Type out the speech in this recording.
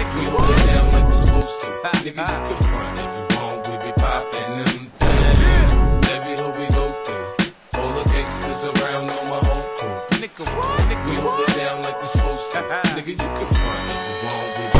nigga. We hold it down like we supposed to. Nigga, you can front if you want. We be popping them things. Every hood we go through. All the gangsters around know my whole crew. Nigga, what? Nigga, we hold it down like we supposed to. nigga, you can front if you want. We